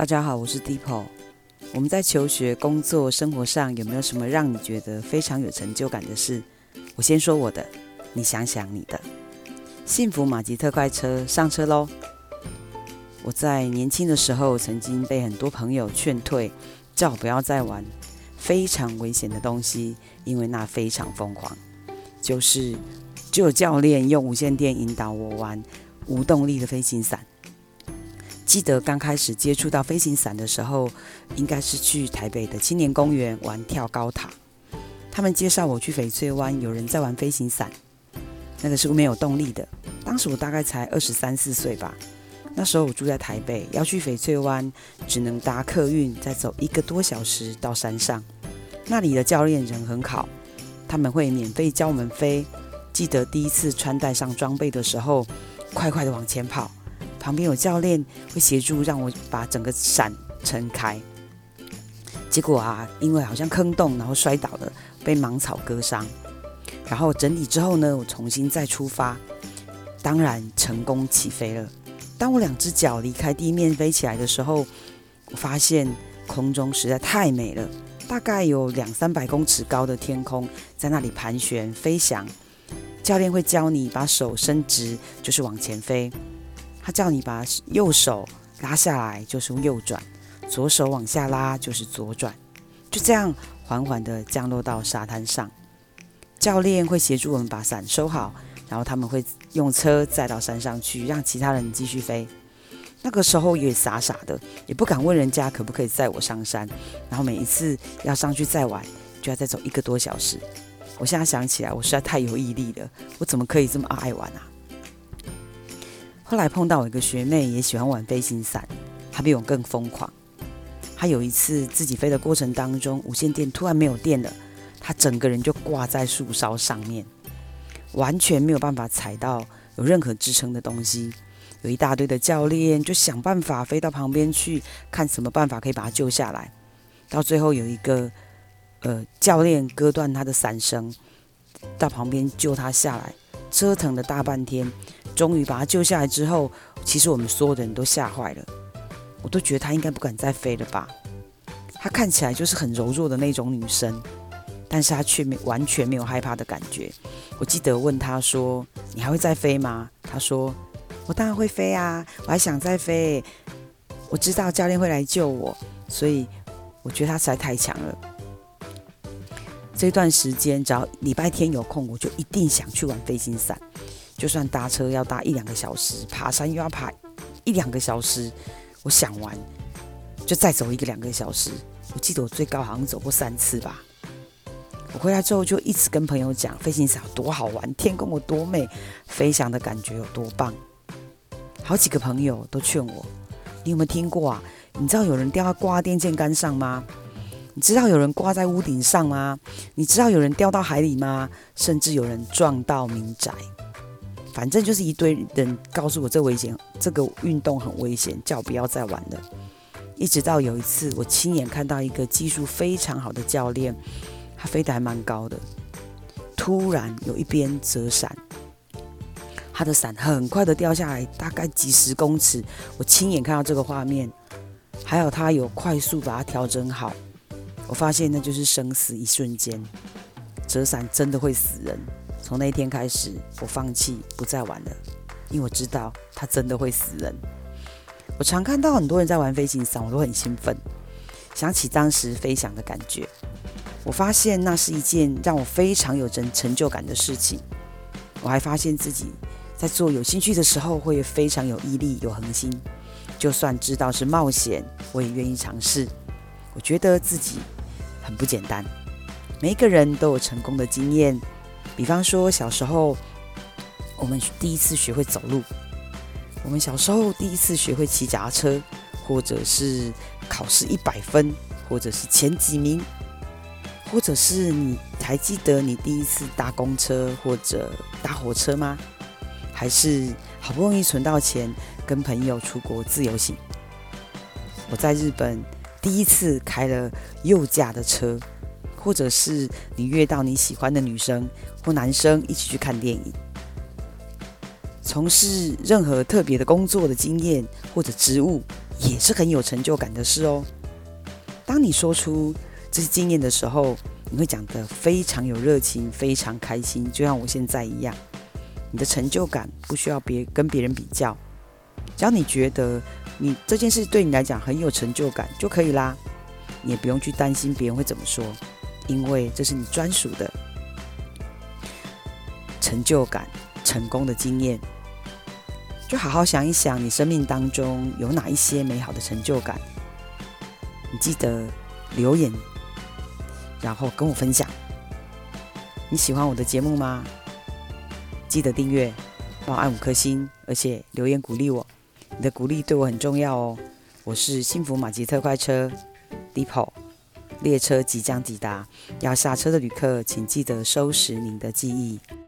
大家好，我是 Deepo。我們在求學、工作、生活上有沒有什麼讓你覺得非常有成就感的事？我先說我的，你想想你的。幸福馬吉特快車，上車嘍！我在年輕的時候，曾經被很多朋友勸退，叫不要再玩非常危險的東西，因為那非常瘋狂。就是只有教練用無線電引導我玩無動力的飛行傘。記得剛開始接觸到飛行傘的時候，應該是去台北的青年公園玩跳高塔。他們介紹我去翡翠灣，有人在玩飛行傘，那個是沒有動力的。當時我大概才二十三四歲吧，那時候我住在台北，要去翡翠灣只能搭客運，再走一個多小時到山上。那裡的教練人很好，他們會免費教我們飛。記得第一次穿戴上裝備的時候，快快的往前跑。旁邊有教練會協助，讓我把整個傘撐開。結果啊，因為好像坑洞，然後摔倒了，被芒草割傷。然後整理之後呢，我重新再出發，當然成功起飛了。當我兩只腳離開地面飛起來的時候，我發現空中實在太美了，大概有兩三百公尺高的天空在那裡盤旋飛翔。教練會教你把手伸直，就是往前飛。他叫你把右手拉下來，就是右轉；左手往下拉，就是左轉。就這樣緩緩地降落到沙灘上。教練會協助我們把傘收好，然後他們會用車載到山上去，讓其他人繼續飛。那個時候也傻傻的，也不敢問人家可不可以載我上山。然後每一次要上去再玩，就要再走一個多小時。我現在想起來，我實在太有毅力了。我怎麼可以這麼愛玩啊？後來碰到我一個學妹，也喜歡玩飛行傘，她比我更瘋狂。她有一次自己飛的過程當中，無線電突然沒有電了，她整個人就掛在樹梢上面，完全沒有辦法踩到有任何支撐的東西。有一大堆的教練就想辦法飛到旁邊去，看什麼辦法可以把她救下來。到最後有一個，呃，教練割斷她的傘繩，到旁邊救她下來。折騰了大半天，終於把他救下來之後，其實我們所有的人都嚇壞了。我都覺得他應該不敢再飛了吧？他看起來就是很柔弱的那種女生，但是他卻沒完全沒有害怕的感覺。我記得問他說：“你還會再飛嗎？”他說：“我當然會飛啊，我還想再飛。我知道教練會來救我。”所以我覺得他實在太強了。這段時間只要禮拜天有空，我就一定想去玩飛行傘。就算搭車要搭一兩個小時，爬山又要爬一兩個小時，我想玩就再走一個兩個小時。我記得我最高好像走過三次吧。我回來之後就一直跟朋友講飛行傘有多好玩，天空有多美，飛翔的感覺有多棒。好幾個朋友都勸我，你有沒有聽過啊？你知道有人掉在掛電線桿上嗎？你知道有人掛在屋頂上嗎？你知道有人掉到海裡嗎？甚至有人撞到民宅，反正就是一堆人告訴我這危險，這個運動很危險，叫我不要再玩了。一直到有一次，我親眼看到一個技術非常好的教練，他飛得還蠻高的，突然有一邊折傘，他的傘很快的掉下來，大概幾十公尺，我親眼看到這個畫面，還有他有快速把它調整好。我發現那就是生死一瞬間，折傘真的會死人。從那一天開始，我放棄不再玩了，因為我知道它真的會死人。我常看到很多人在玩飛行傘，我都很興奮，想起當時飛翔的感覺。我發現那是一件讓我非常有成成就感的事情。我還發現自己在做有興趣的時候，會非常有毅力、有恆心。就算知道是冒險，我也願意嘗試。我覺得自己。很不簡單，每個人都有成功的經驗。比方說，小時候我們第一次學會走路；我們小時候第一次學會騎腳踏車，或者是考試一百分，或者是前幾名，或者是你還記得你第一次搭公車或者搭火車嗎？還是好不容易存到錢，跟朋友出國自由行。我在日本。第一次開了右駕的車，或者是你約到你喜歡的女生或男生一起去看電影，從事任何特別的工作的經驗或者職務，也是很有成就感的事哦。當你說出這些經驗的時候，你會講得非常有熱情，非常開心，就像我現在一樣。你的成就感不需要別跟別人比較，只要你覺得。你這件事對你來講很有成就感就可以啦，你也不用去擔心別人會怎麼說，因為這是你專屬的成就感、成功的經驗。就好好想一想，你生命當中有哪一些美好的成就感？你記得留言，然後跟我分享。你喜歡我的節目嗎？記得訂閱，幫我按五顆星，而且留言鼓勵我。你的鼓勵對我很重要哦。我是幸福馬吉特快車，滴跑，Depot，列車即將抵達，要下車的旅客，請記得收拾您的記憶。